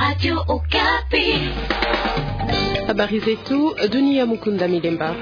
Radio Okapi. Habari zetu dunia, Mukunda Milemba.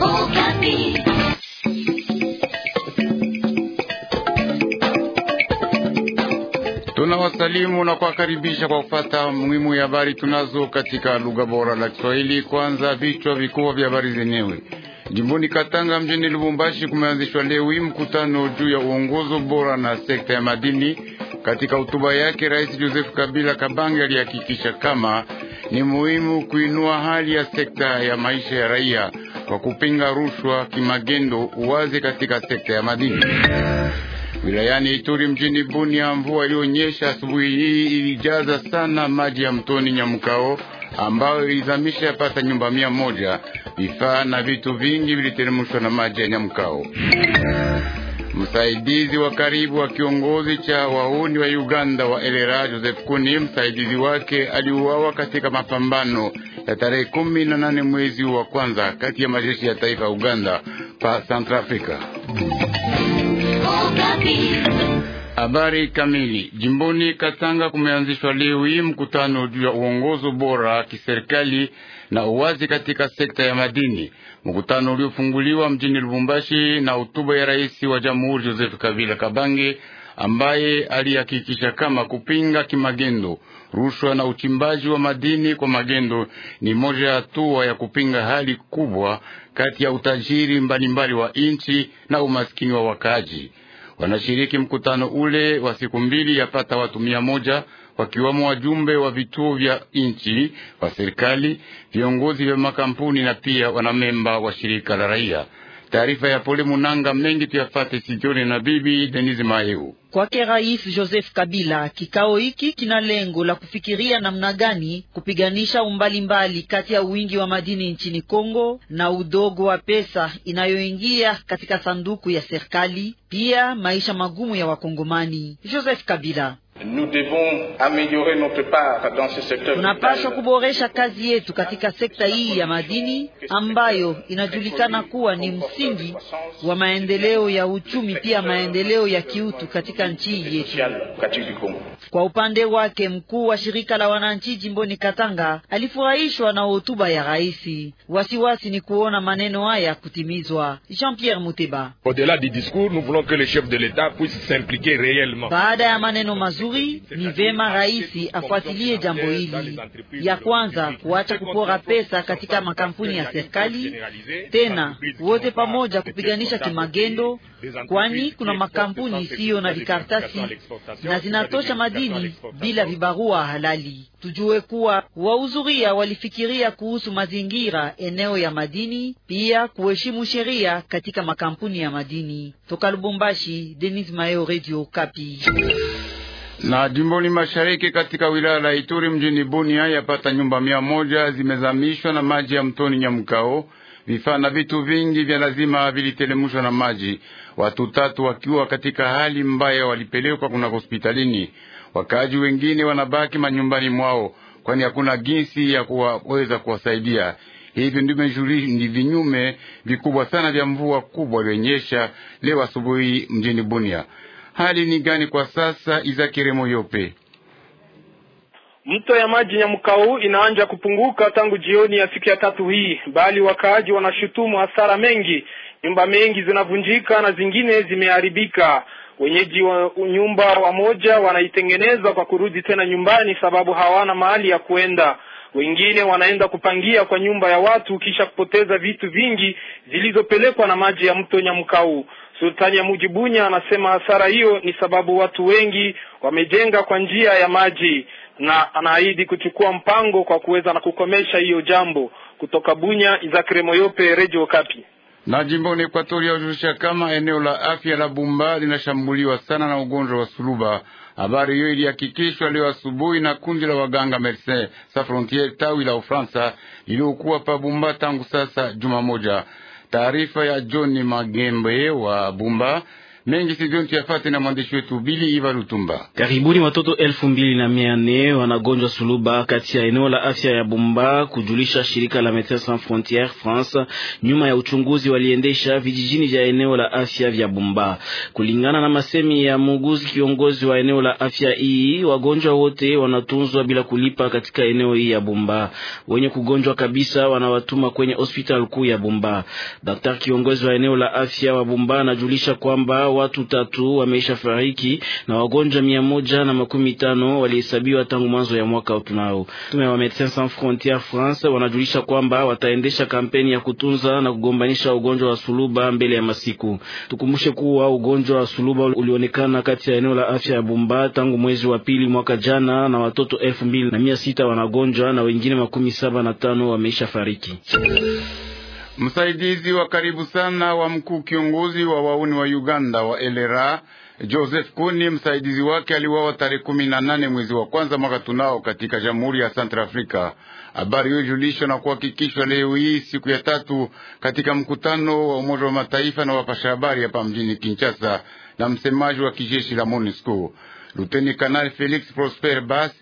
Okapi. Tunawasalimu na kuwakaribisha kwa kufata muhimu ya habari tunazo katika lugha bora la Kiswahili. Kwanza, vichwa vikubwa vya habari zenyewe. Jimboni Katanga, mjini Lubumbashi, kumeanzishwa leo hii mkutano juu ya uongozo bora na sekta ya madini katika hotuba yake, Rais Joseph Kabila Kabange alihakikisha kama ni muhimu kuinua hali ya sekta ya maisha ya raia kwa kupinga rushwa kimagendo uwazi katika sekta ya madini. Wilayani Ituri mjini Bunia, mvua ilionyesha asubuhi hii ilijaza sana maji ya mtoni Nyamukao ambayo ilizamisha yapata nyumba mia moja. Vifaa na vitu vingi viliteremshwa na maji ya Nyamukao msaidizi wa karibu wa kiongozi cha wahuni wa Uganda wa Elera Joseph Kuni, msaidizi wake aliuawa katika mapambano ya tarehe kumi na nane mwezi wa kwanza kati ya majeshi ya taifa ya Uganda pa Oh, Habari kamili. Jimboni Katanga kumeanzishwa leo hii mkutano juu ya uongozo bora kiserikali na uwazi katika sekta ya madini, mkutano uliofunguliwa mjini Lubumbashi na hotuba ya rais wa jamhuri Joseph Kabila Kabange ambaye alihakikisha kama kupinga kimagendo rushwa na uchimbaji wa madini kwa magendo ni moja ya hatua ya kupinga hali kubwa kati ya utajiri mbalimbali mbali wa nchi na umaskini wa wakaaji. Wanashiriki mkutano ule wa siku mbili, yapata watu mia moja wakiwamo wajumbe wa vituo vya nchi wa serikali, viongozi vya makampuni na pia wanamemba wa shirika la raia. Taarifa ya Pole Munanga, mengi tuyafate sijoni na bibi Denise Maeu. Kwake Rais Joseph Kabila, kikao hiki kina lengo la kufikiria namna gani kupiganisha umbali mbali kati ya wingi wa madini nchini Kongo na udogo wa pesa inayoingia katika sanduku ya serikali, pia maisha magumu ya Wakongomani. Joseph Kabila tunapaswa kuboresha kazi yetu katika sekta hii ya madini ambayo inajulikana kuwa ni msingi wa maendeleo ya uchumi, pia maendeleo ya kiutu katika nchi yetu. Kwa upande wake, mkuu wa shirika la wananchi jimboni Katanga alifurahishwa na hotuba ya rais. Wasiwasi ni kuona maneno haya kutimizwa. Jean-Pierre Muteba: baada ya maneno mazuri Nafikiri ni vema rais afuatilie jambo hili. Ya kwanza kuacha kupora pesa katika makampuni ya serikali, tena wote pamoja kupiganisha kimagendo, kwani kuna makampuni isiyo na vikartasi na zinatosha madini bila vibarua halali. Tujue kuwa wauzuria walifikiria kuhusu mazingira eneo ya madini, pia kuheshimu sheria katika makampuni ya madini. Toka Lubumbashi, Denis Mayo, Radio Kapi. Na jimboni mashariki katika wilaya la Ituri mjini Bunia, yapata nyumba mia moja zimezamishwa na maji ya mtoni Nyamkao. Vifaa na vitu vingi vya lazima vilitelemushwa na maji. Watu tatu wakiwa katika hali mbaya walipelekwa kuna hospitalini. Wakaaji wengine wanabaki manyumbani mwao, kwani hakuna jinsi ya kuwaweza kuwasaidia. Hivyo ndivyo vinyume vikubwa sana vya mvua kubwa ilionyesha leo asubuhi mjini Bunia hali ni gani kwa sasa? Izakiremo yope Mto ya maji ya inaanja inaanza kupunguka tangu jioni ya siku ya tatu hii, bali wakaaji wanashutumu hasara mengi. Nyumba mengi zinavunjika na zingine zimeharibika. Wenyeji wa nyumba wamoja wanaitengeneza kwa kurudi tena nyumbani, sababu hawana mahali ya kuenda. Wengine wanaenda kupangia kwa nyumba ya watu, kisha kupoteza vitu vingi zilizopelekwa na maji ya mto Nyamkau. Sultani ya Mujibunya anasema hasara hiyo ni sababu watu wengi wamejenga kwa njia ya maji, na anaahidi kuchukua mpango kwa kuweza na kukomesha hiyo jambo. Kutoka Bunya, izakre Moyope, Radio Kapi. Na jimboni Ekuatoria hujulisha kama eneo la afya la Bumba linashambuliwa sana na ugonjwa wa suluba. Habari hiyo ilihakikishwa leo asubuhi na kundi la waganga Medecins Sans Frontieres tawi la Ufaransa liliokuwa pa Bumba tangu sasa juma moja. Taarifa ya John Magembe wa Bumba mengi sijontu yafate na mwandishi wetu Bili Iva Lutumba. Karibuni watoto elfu mbili na mia nne wanagonjwa suluba kati ya eneo la afya ya Bumba, kujulisha shirika la Medecins Sans Frontieres France, nyuma ya uchunguzi waliendesha vijijini vya eneo la afya vya Bumba. Kulingana na masemi ya muuguzi kiongozi wa eneo la afya hii, wagonjwa wote wanatunzwa bila kulipa katika eneo hii ya Bumba. Wenye kugonjwa kabisa wanawatuma kwenye hospitali kuu ya Bumba. Daktari kiongozi wa eneo la afya wa Bumba anajulisha kwamba watu tatu wameisha fariki na wagonjwa mia moja na makumi tano walihesabiwa tangu mwanzo ya mwaka tunao. Tume wa Medecins Sans Frontieres France wanajulisha kwamba wataendesha kampeni ya kutunza na kugombanisha ugonjwa wa suluba mbele ya masiku. Tukumbushe kuwa ugonjwa wa suluba ulionekana kati ya eneo la afya ya Bumba tangu mwezi wa pili mwaka jana, na watoto elfu mbili na mia sita wanagonjwa na wengine makumi saba na tano wameisha fariki. Msaidizi wa karibu sana wa mkuu kiongozi wa wauni wa Uganda wa LRA Joseph Kuni, msaidizi wake aliwawa tarehe kumi na nane mwezi wa kwanza mwaka tunao katika Jamhuri ya Central Africa. Habari hiyo julishwa na kuhakikishwa leo hii siku ya tatu katika mkutano wa Umoja wa Mataifa na wapasha habari hapa mjini Kinshasa na msemaji wa kijeshi la MONUSCO Luteni Kanali Felix Prosper Bas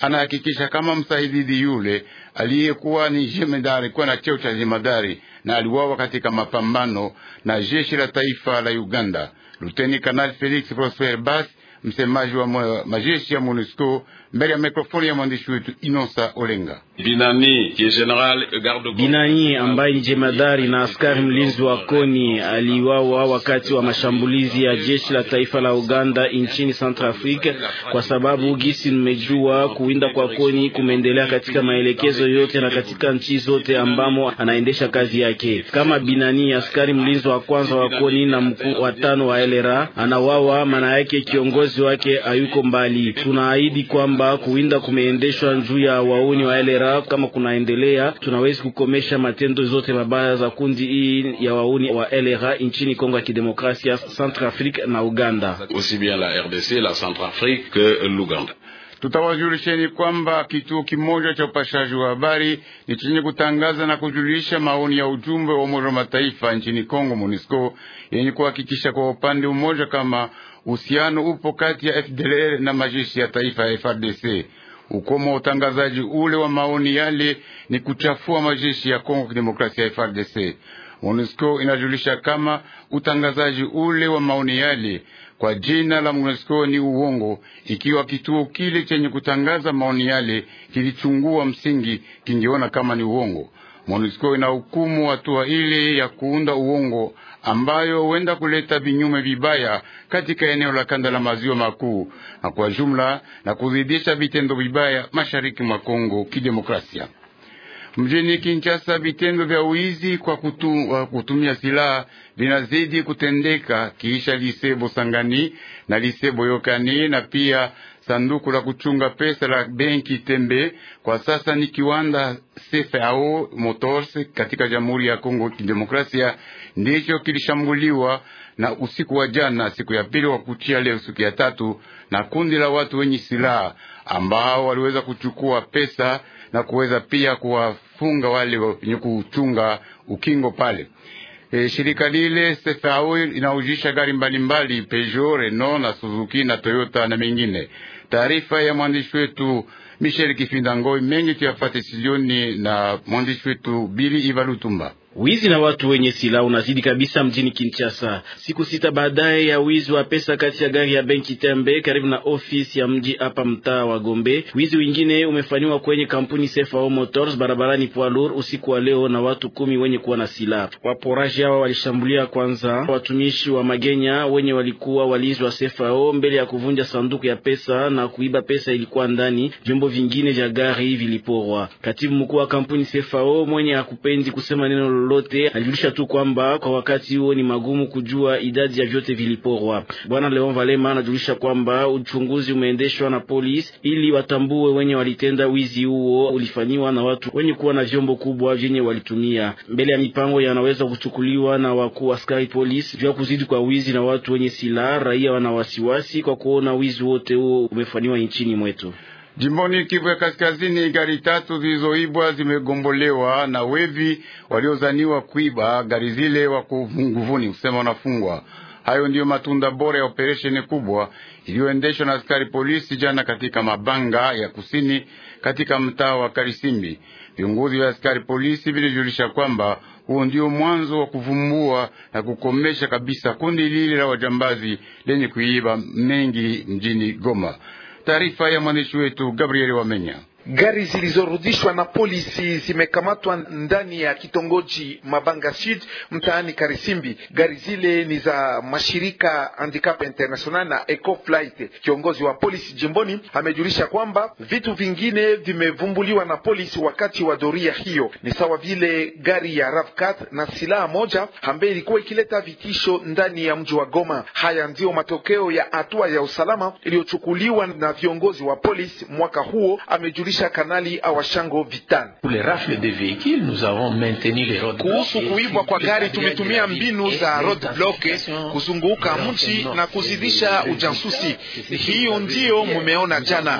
anahakikisha kama msaidizi yule aliyekuwa ni jemedari kuwa na cheo cha jemadari na aliwawa katika mapambano na jeshi la taifa la Uganda. Luteni Kanali Felix Prosper Bas, msemaji wa majeshi ya MONUSCO, mbele ya mikrofoni ya mwandishi wetu Inosa Olenga. Binani, general, Binani ambaye ni jemadari na askari mlinzi wa Koni aliwawa wakati wa mashambulizi ya jeshi la taifa la Uganda nchini Centrafrique, kwa sababu gisi nimejua kuwinda kwa Koni kumeendelea katika maelekezo yote na katika nchi zote ambamo anaendesha kazi yake. Kama Binani, askari mlinzi wa kwanza wa Koni na mkuu wa tano wa lra anawawa, maana yake kiongozi wake hayuko mbali. Tunaahidi kwamba kuwinda kumeendeshwa juu ya wauni wa LRA kuhakikisha kama kunaendelea tunawezi kukomesha matendo zote mabaya za kundi hii ya wauni wa LRA nchini Kongo ya Kidemokrasia, Centrafrique na Uganda. Aussi bien la RDC, la Centrafrique que l'Uganda. Tutawajulisheni kwamba kituo kimoja cha upashaji wa habari ni chenye kutangaza na kujulisha maoni ya ujumbe wa Umoja wa Mataifa nchini Kongo, MONUSCO, yenye kuhakikisha kwa upande mmoja kama uhusiano upo kati ya FDLR na majeshi ya taifa ya frdc Ukomo wa utangazaji ule wa maoni yale ni kuchafua majeshi ya Kongo Kidemokrasia ya FARDC. MONUSCO inajulisha kama utangazaji ule wa maoni yale kwa jina la MONUSCO ni uongo, ikiwa kituo kile chenye kutangaza maoni yale kilichungua msingi kingeona kama ni uongo. MONUSCO inahukumu hatua ile ya kuunda uongo ambayo huenda kuleta vinyume vibaya katika eneo la kanda la maziwa makuu na kwa jumla na kuzidisha vitendo vibaya mashariki mwa Kongo Kidemokrasia. Mjini Kinshasa, vitendo vya uizi kwa kutu, kutumia silaha vinazidi kutendeka kiisha lisebo Sangani na lisebo Yokani na pia Sanduku la kuchunga pesa la benki Tembe kwa sasa ni kiwanda CFAO Motors katika Jamhuri ya Kongo Kidemokrasia, ndicho kilishambuliwa na usiku wa jana, siku ya pili wa kuchia leo, siku ya tatu, na kundi la watu wenye silaha ambao waliweza kuchukua pesa na kuweza pia kuwafunga wale wenye kuchunga ukingo pale. E, shirika lile CFAO inaujisha gari mbalimbali Peugeot, Renault na Suzuki na Toyota na mengine. Taarifa ya mwandishi wetu Michel Kifinda Ngoi mengi tuyafate sizioni na mwandishi wetu Bili Ivalutumba. Wizi na watu wenye silaha unazidi kabisa mjini Kinshasa. Siku sita baadaye ya wizi wa pesa kati ya gari ya benki Tembe karibu na ofisi ya mji hapa mtaa wa Gombe, wizi wengine umefanywa kwenye kampuni CFAO Motors barabarani Poilur usiku wa leo na watu kumi wenye kuwa na silaha. Waporaji hawa walishambulia kwanza watumishi wa magenya wenye walikuwa walinzi wa CFAO mbele ya kuvunja sanduku ya pesa na kuiba pesa ilikuwa ndani. Vyombo vingine vya gari viliporwa. Katibu mkuu wa kampuni CFAO mwenye hakupendi kusema neno lolote. Alijulisha tu kwamba kwa wakati huo ni magumu kujua idadi ya vyote viliporwa. Bwana Leon Valema anajulisha kwamba uchunguzi umeendeshwa na polisi ili watambue wenye walitenda wizi huo ulifanyiwa na watu wenye kuwa na vyombo kubwa vyenye walitumia. Mbele ya mipango yanaweza kuchukuliwa na wakuu askari polisi vya kuzidi kwa wizi na watu wenye silaha. Raia wana wasiwasi kwa kuona wizi wote huo umefanyiwa nchini mwetu. Jimboni Kivu ya Kaskazini, gari tatu zilizoibwa zimegombolewa na wevi waliozaniwa kuiba gari zile, wako nguvuni, kusema wanafungwa. Hayo ndiyo matunda bora ya operesheni kubwa iliyoendeshwa na askari polisi jana katika mabanga ya kusini katika mtaa wa Karisimbi. Viongozi vya askari polisi vilijulisha kwamba huo ndio mwanzo wa kuvumbua na kukomesha kabisa kundi lile la wajambazi lenye kuiba mengi mjini Goma. Taarifa ya mwandishi wetu Gabriel Wamenya. Gari zilizorudishwa na polisi zimekamatwa ndani ya kitongoji Mabanga Sud mtaani Karisimbi. Gari zile ni za mashirika Handicap International na Eco Flight. Kiongozi wa polisi jimboni amejulisha kwamba vitu vingine vimevumbuliwa na polisi wakati wa doria hiyo, ni sawa vile gari ya Ravcat na silaha moja ambaye ilikuwa ikileta vitisho ndani ya mji wa Goma. Haya ndiyo matokeo ya hatua ya usalama iliyochukuliwa na viongozi wa polisi mwaka huo, amejulisha kuhusisha Kanali Awashango vitani. Kuhusu kuibwa kwa gari, tumetumia mbinu za roadblock kuzunguka mji na kuzidisha ujasusi. Hiyo ndiyo mumeona jana,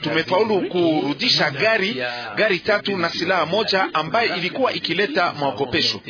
tumefaulu kurudisha gari gari tatu na silaha moja ambayo ilikuwa ikileta maogopesho.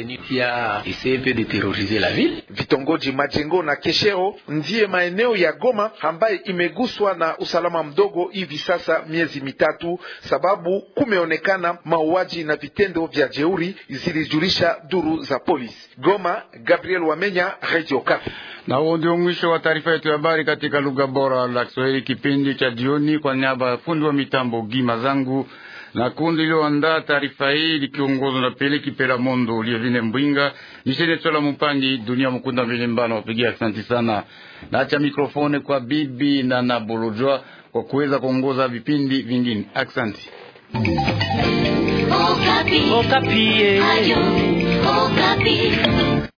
Vitongoji majengo na kesheo ndiye maeneo ya Goma ambaye imeguswa na usalama mdogo hivi sasa miezi mitatu sababu kumeonekana mauaji na vitendo vya jeuri, zilijulisha duru za polisi. Goma, Gabriel Wamenya, Radio Okapi. Na huo ndio mwisho wa taarifa yetu ya habari katika lugha bora la Kiswahili, kipindi cha jioni, kwa niaba ya fundi wa mitambo Gima zangu na kundi iliyoandaa taarifa hii likiongozwa na Pele Kipela Mondo Liovine Mbwinga Mishene Tola Mupangi Dunia Mukunda Vilembana. Wapigia asanti sana, naacha mikrofone kwa bibi na Nabolojwa kwa kuweza kuongoza vipindi vingine. Aksanti Okapi. Okapi.